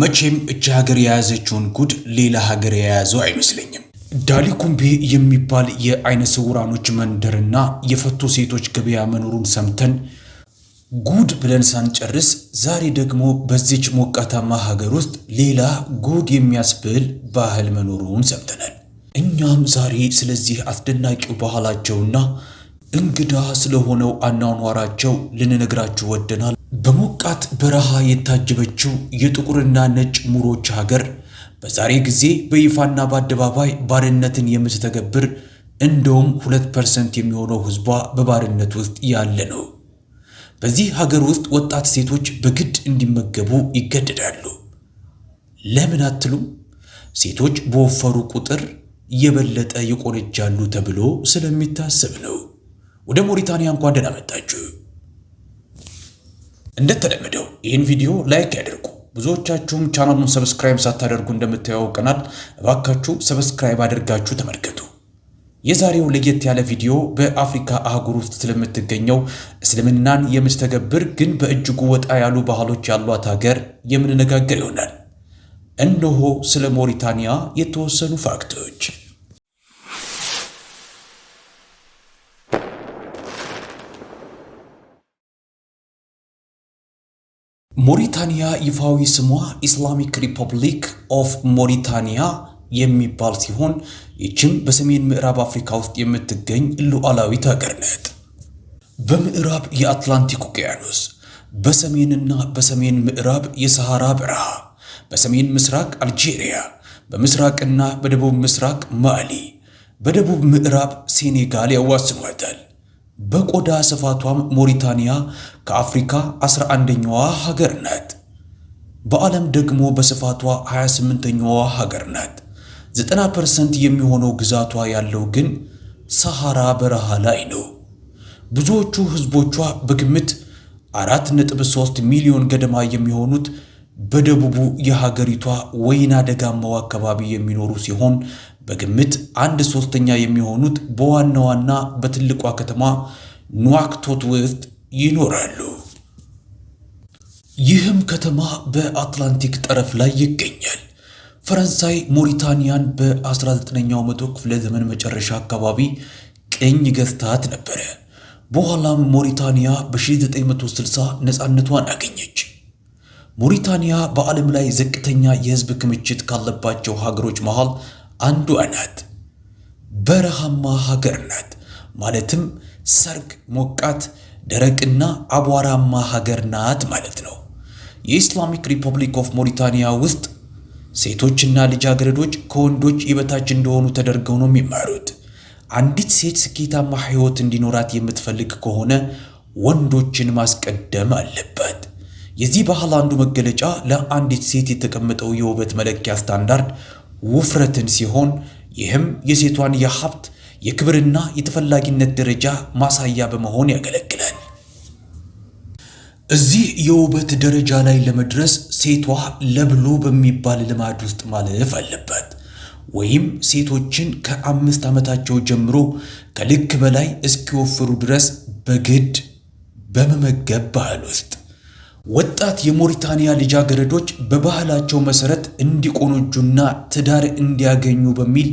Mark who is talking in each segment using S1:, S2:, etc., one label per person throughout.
S1: መቼም እች ሀገር የያዘችውን ጉድ ሌላ ሀገር የያዘው አይመስለኝም። ዳሊኩምቤ የሚባል የአይነ ስውራኖች መንደርና የፈቶ ሴቶች ገበያ መኖሩን ሰምተን ጉድ ብለን ሳንጨርስ ዛሬ ደግሞ በዚች ሞቃታማ ሀገር ውስጥ ሌላ ጉድ የሚያስብል ባህል መኖሩን ሰምተናል። እኛም ዛሬ ስለዚህ አስደናቂው ባህላቸውና እንግዳ ስለሆነው አኗኗራቸው ልንነግራችሁ ወደናል። በሞቃት በረሃ የታጀበችው የጥቁርና ነጭ ሙሮች ሀገር በዛሬ ጊዜ በይፋና በአደባባይ ባርነትን የምትተገብር እንደውም ሁለት ፐርሰንት የሚሆነው ህዝቧ በባርነት ውስጥ ያለ ነው። በዚህ ሀገር ውስጥ ወጣት ሴቶች በግድ እንዲመገቡ ይገደዳሉ። ለምን አትሉም? ሴቶች በወፈሩ ቁጥር የበለጠ ይቆነጃሉ ተብሎ ስለሚታሰብ ነው። ወደ ሞሪታንያ እንኳን ደህና መጣችሁ። እንደተለመደው ይህን ቪዲዮ ላይክ ያደርጉ። ብዙዎቻችሁም ቻናሉን ሰብስክራይብ ሳታደርጉ እንደምታያውቀናል። እባካችሁ ሰብስክራይብ አድርጋችሁ ተመልከቱ። የዛሬው ለየት ያለ ቪዲዮ በአፍሪካ አህጉር ውስጥ ስለምትገኘው እስልምናን የምትተገብር ግን በእጅጉ ወጣ ያሉ ባህሎች ያሏት ሀገር የምንነጋገር ይሆናል። እነሆ ስለ ሞሪታንያ የተወሰኑ ፋክቶች ሞሪታንያ ይፋዊ ስሟ ኢስላሚክ ሪፐብሊክ ኦፍ ሞሪታኒያ የሚባል ሲሆን ይችም በሰሜን ምዕራብ አፍሪካ ውስጥ የምትገኝ ሉዓላዊት ሀገር ናት። በምዕራብ የአትላንቲክ ውቅያኖስ፣ በሰሜንና በሰሜን ምዕራብ የሰሃራ በረሃ፣ በሰሜን ምስራቅ አልጄሪያ፣ በምስራቅና በደቡብ ምስራቅ ማሊ፣ በደቡብ ምዕራብ ሴኔጋል ያዋስኗታል። በቆዳ ስፋቷም ሞሪታንያ ከአፍሪካ 11ኛዋ ሀገር ናት። በዓለም ደግሞ በስፋቷ 28ኛዋ ሀገር ናት። 90 ፐርሰንት የሚሆነው ግዛቷ ያለው ግን ሰሐራ በረሃ ላይ ነው። ብዙዎቹ ህዝቦቿ በግምት 4.3 ሚሊዮን ገደማ የሚሆኑት በደቡቡ የሀገሪቷ ወይና ደጋማው አካባቢ የሚኖሩ ሲሆን በግምት አንድ ሶስተኛ የሚሆኑት በዋና ዋና በትልቋ ከተማ ኑዋክቶት ውስጥ ይኖራሉ። ይህም ከተማ በአትላንቲክ ጠረፍ ላይ ይገኛል። ፈረንሳይ ሞሪታንያን በ19ኛው መቶ ክፍለ ዘመን መጨረሻ አካባቢ ቅኝ ገዝታት ነበረ። በኋላም ሞሪታንያ በ1960 ነፃነቷን አገኘች። ሞሪታንያ በዓለም ላይ ዝቅተኛ የህዝብ ክምችት ካለባቸው ሀገሮች መሃል አንዷ ናት። በረሃማ ሀገር ናት። ማለትም ሰርግ፣ ሞቃት፣ ደረቅና አቧራማ ሀገር ናት ማለት ነው። የኢስላሚክ ሪፐብሊክ ኦፍ ሞሪታንያ ውስጥ ሴቶችና ልጃገረዶች ከወንዶች የበታች እንደሆኑ ተደርገው ነው የሚማሩት። አንዲት ሴት ስኬታማ ሕይወት እንዲኖራት የምትፈልግ ከሆነ ወንዶችን ማስቀደም አለባት። የዚህ ባህል አንዱ መገለጫ ለአንዲት ሴት የተቀመጠው የውበት መለኪያ ስታንዳርድ ውፍረትን ሲሆን ይህም የሴቷን የሀብት የክብርና የተፈላጊነት ደረጃ ማሳያ በመሆን ያገለግላል። እዚህ የውበት ደረጃ ላይ ለመድረስ ሴቷ ለብሎ በሚባል ልማድ ውስጥ ማለፍ አለበት ወይም ሴቶችን ከአምስት ዓመታቸው ጀምሮ ከልክ በላይ እስኪወፍሩ ድረስ በግድ በመመገብ ባህል ውስጥ ወጣት የሞሪታንያ ልጃገረዶች በባህላቸው መሰረት እንዲቆነጁና ትዳር እንዲያገኙ በሚል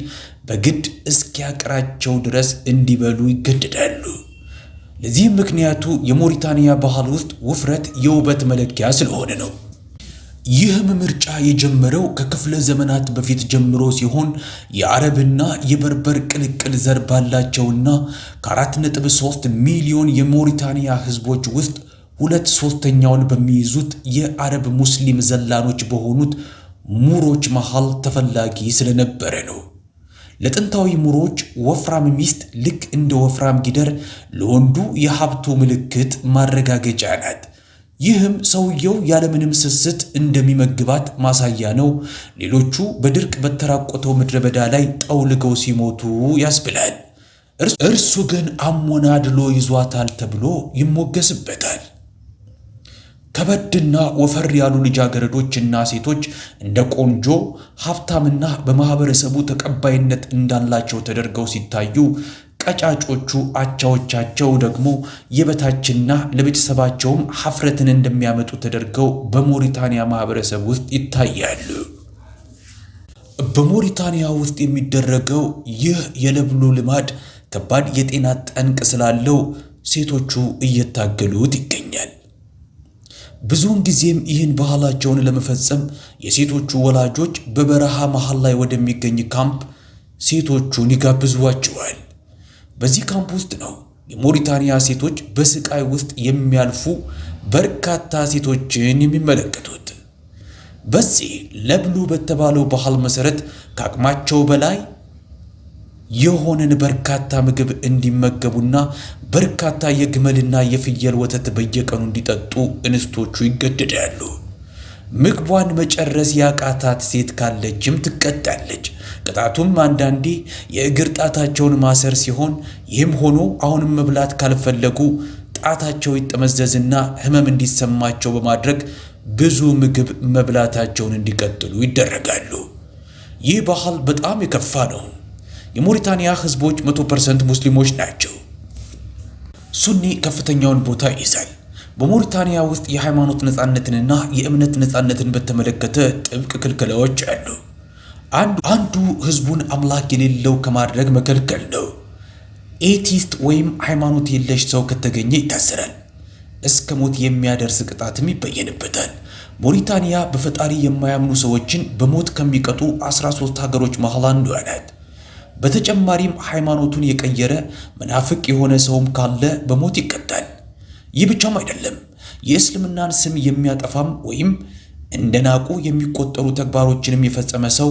S1: በግድ እስኪያቅራቸው ድረስ እንዲበሉ ይገደዳሉ። ለዚህም ምክንያቱ የሞሪታንያ ባህል ውስጥ ውፍረት የውበት መለኪያ ስለሆነ ነው። ይህም ምርጫ የጀመረው ከክፍለ ዘመናት በፊት ጀምሮ ሲሆን የአረብና የበርበር ቅልቅል ዘር ባላቸውና ከ4.3 ሚሊዮን የሞሪታንያ ህዝቦች ውስጥ ሁለት ሶስተኛውን በሚይዙት የአረብ ሙስሊም ዘላኖች በሆኑት ሙሮች መሃል ተፈላጊ ስለነበረ ነው። ለጥንታዊ ሙሮች ወፍራም ሚስት ልክ እንደ ወፍራም ጊደር ለወንዱ የሀብቱ ምልክት ማረጋገጫ ናት። ይህም ሰውየው ያለምንም ስስት እንደሚመግባት ማሳያ ነው። ሌሎቹ በድርቅ በተራቆተው ምድረ በዳ ላይ ጠውልገው ሲሞቱ ያስብላል። እርሱ ግን አሞናድሎ ይዟታል ተብሎ ይሞገስበታል። ከበድና ወፈር ያሉ ልጃገረዶችና ሴቶች እንደ ቆንጆ ሀብታምና በማህበረሰቡ ተቀባይነት እንዳላቸው ተደርገው ሲታዩ ቀጫጮቹ አቻዎቻቸው ደግሞ የበታችና ለቤተሰባቸውም ሀፍረትን እንደሚያመጡ ተደርገው በሞሪታንያ ማህበረሰብ ውስጥ ይታያሉ። በሞሪታንያ ውስጥ የሚደረገው ይህ የለብሎ ልማድ ከባድ የጤና ጠንቅ ስላለው ሴቶቹ እየታገሉት ይገኛል። ብዙውን ጊዜም ይህን ባህላቸውን ለመፈጸም የሴቶቹ ወላጆች በበረሃ መሃል ላይ ወደሚገኝ ካምፕ ሴቶቹን ይጋብዟቸዋል። በዚህ ካምፕ ውስጥ ነው የሞሪታንያ ሴቶች በስቃይ ውስጥ የሚያልፉ በርካታ ሴቶችን የሚመለከቱት። በዚህ ለብሉ በተባለው ባህል መሰረት ከአቅማቸው በላይ የሆነን በርካታ ምግብ እንዲመገቡና በርካታ የግመልና የፍየል ወተት በየቀኑ እንዲጠጡ እንስቶቹ ይገደዳሉ። ምግቧን መጨረስ ያቃታት ሴት ካለችም ትቀጣለች። ቅጣቱም አንዳንዴ የእግር ጣታቸውን ማሰር ሲሆን ይህም ሆኖ አሁንም መብላት ካልፈለጉ ጣታቸው ይጠመዘዝና ሕመም እንዲሰማቸው በማድረግ ብዙ ምግብ መብላታቸውን እንዲቀጥሉ ይደረጋሉ። ይህ ባህል በጣም የከፋ ነው። የሞሪታንያ ህዝቦች 100% ሙስሊሞች ናቸው። ሱኒ ከፍተኛውን ቦታ ይይዛል። በሞሪታንያ ውስጥ የሃይማኖት ነፃነትንና የእምነት ነፃነትን በተመለከተ ጥብቅ ክልከላዎች አሉ። አንዱ ህዝቡን አምላክ የሌለው ከማድረግ መከልከል ነው። ኤቲስት ወይም ሃይማኖት የለሽ ሰው ከተገኘ ይታሰራል፣ እስከ ሞት የሚያደርስ ቅጣትም ይበየንበታል። ሞሪታንያ በፈጣሪ የማያምኑ ሰዎችን በሞት ከሚቀጡ 13 ሀገሮች መሃል አንዷ ናት። በተጨማሪም ሃይማኖቱን የቀየረ መናፍቅ የሆነ ሰውም ካለ በሞት ይቀጣል። ይህ ብቻም አይደለም፣ የእስልምናን ስም የሚያጠፋም ወይም እንደ ናቁ የሚቆጠሩ ተግባሮችንም የፈጸመ ሰው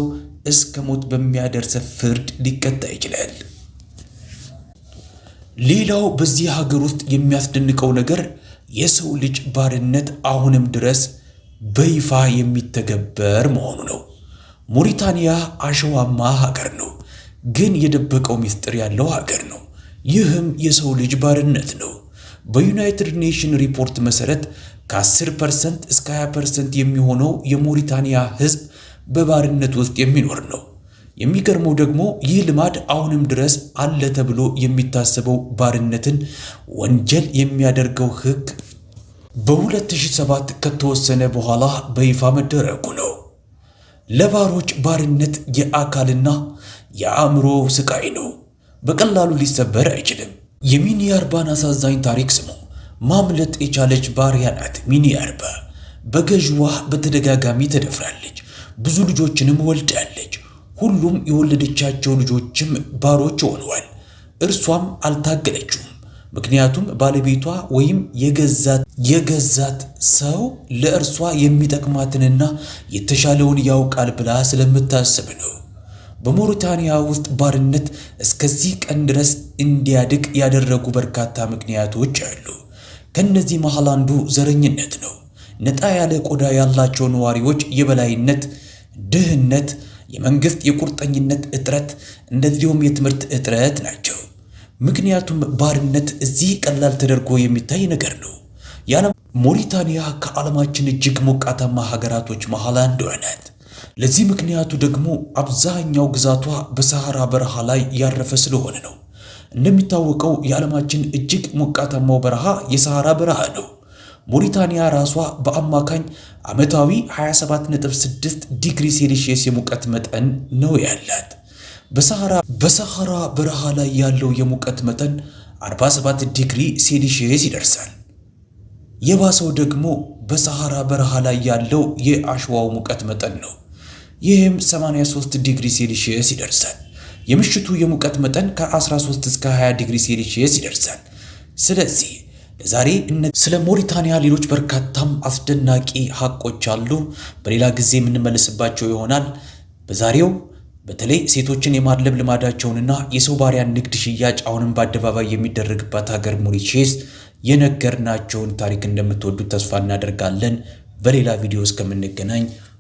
S1: እስከ ሞት በሚያደርሰ ፍርድ ሊቀጣ ይችላል። ሌላው በዚህ ሀገር ውስጥ የሚያስደንቀው ነገር የሰው ልጅ ባርነት አሁንም ድረስ በይፋ የሚተገበር መሆኑ ነው። ሞሪታንያ አሸዋማ ሀገር ግን የደበቀው ምስጢር ያለው ሀገር ነው። ይህም የሰው ልጅ ባርነት ነው። በዩናይትድ ኔሽን ሪፖርት መሠረት ከ10 እስከ 20 የሚሆነው የሞሪታንያ ህዝብ በባርነት ውስጥ የሚኖር ነው። የሚገርመው ደግሞ ይህ ልማድ አሁንም ድረስ አለ ተብሎ የሚታሰበው ባርነትን ወንጀል የሚያደርገው ህግ በ2007 ከተወሰነ በኋላ በይፋ መደረጉ ነው። ለባሮች ባርነት የአካልና የአእምሮ ስቃይ ነው። በቀላሉ ሊሰበር አይችልም። የሚኒያርባን አሳዛኝ ታሪክ ስሙ። ማምለጥ የቻለች ባሪያ ናት። ሚኒያርባ በገዥዋ በተደጋጋሚ ተደፍራለች። ብዙ ልጆችንም ወልዳለች። ሁሉም የወለደቻቸው ልጆችም ባሮች ሆነዋል። እርሷም አልታገለችውም። ምክንያቱም ባለቤቷ ወይም የገዛት የገዛት ሰው ለእርሷ የሚጠቅማትንና የተሻለውን ያውቃል ብላ ስለምታስብ ነው። በሞሪታንያ ውስጥ ባርነት እስከዚህ ቀን ድረስ እንዲያድግ ያደረጉ በርካታ ምክንያቶች አሉ። ከነዚህ መሃል አንዱ ዘረኝነት ነው። ነጣ ያለ ቆዳ ያላቸው ነዋሪዎች የበላይነት፣ ድህነት፣ የመንግስት፣ የቁርጠኝነት እጥረት እንደዚሁም የትምህርት እጥረት ናቸው። ምክንያቱም ባርነት እዚህ ቀላል ተደርጎ የሚታይ ነገር ነው። ያለ ሞሪታንያ ከዓለማችን እጅግ ሞቃታማ ሀገራቶች መሃል አንዷ ናት። ለዚህ ምክንያቱ ደግሞ አብዛኛው ግዛቷ በሰሐራ በረሃ ላይ ያረፈ ስለሆነ ነው። እንደሚታወቀው የዓለማችን እጅግ ሞቃታማው በረሃ የሰሐራ በረሃ ነው። ሞሪታንያ ራሷ በአማካኝ ዓመታዊ 276 ዲግሪ ሴልሺየስ የሙቀት መጠን ነው ያላት። በሰሃራ በረሃ ላይ ያለው የሙቀት መጠን 47 ዲግሪ ሴልሺየስ ይደርሳል። የባሰው ደግሞ በሰሐራ በረሃ ላይ ያለው የአሸዋው ሙቀት መጠን ነው። ይህም 83 ዲግሪ ሴልሺየስ ይደርሳል። የምሽቱ የሙቀት መጠን ከ13 እስከ 20 ዲግሪ ሴልሺየስ ይደርሳል። ስለዚህ ለዛሬ ስለ ሞሪታንያ ሌሎች በርካታም አስደናቂ ሀቆች አሉ፣ በሌላ ጊዜ የምንመለስባቸው ይሆናል። በዛሬው በተለይ ሴቶችን የማድለብ ልማዳቸውንና የሰው ባሪያ ንግድ ሽያጭ አሁንም በአደባባይ የሚደረግባት ሀገር ሞሪሼስ የነገርናቸውን ታሪክ እንደምትወዱት ተስፋ እናደርጋለን። በሌላ ቪዲዮ እስከምንገናኝ